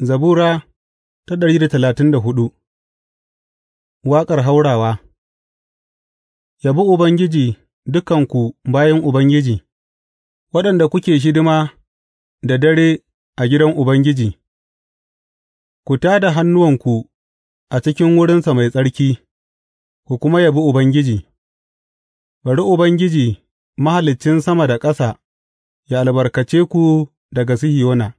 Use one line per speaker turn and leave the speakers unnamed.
Zabura ta ɗari da talatin da hudu Waƙar haurawa Yabi Ubangiji, dukanku bayan Ubangiji, waɗanda kuke hidima da dare a gidan Ubangiji, ku tā da hannuwanku a cikin wurinsa mai tsarki, ku kuma yabi Ubangiji, bari Ubangiji, mahaliccin sama da ƙasa, ya albarkace ku daga Sihiyona.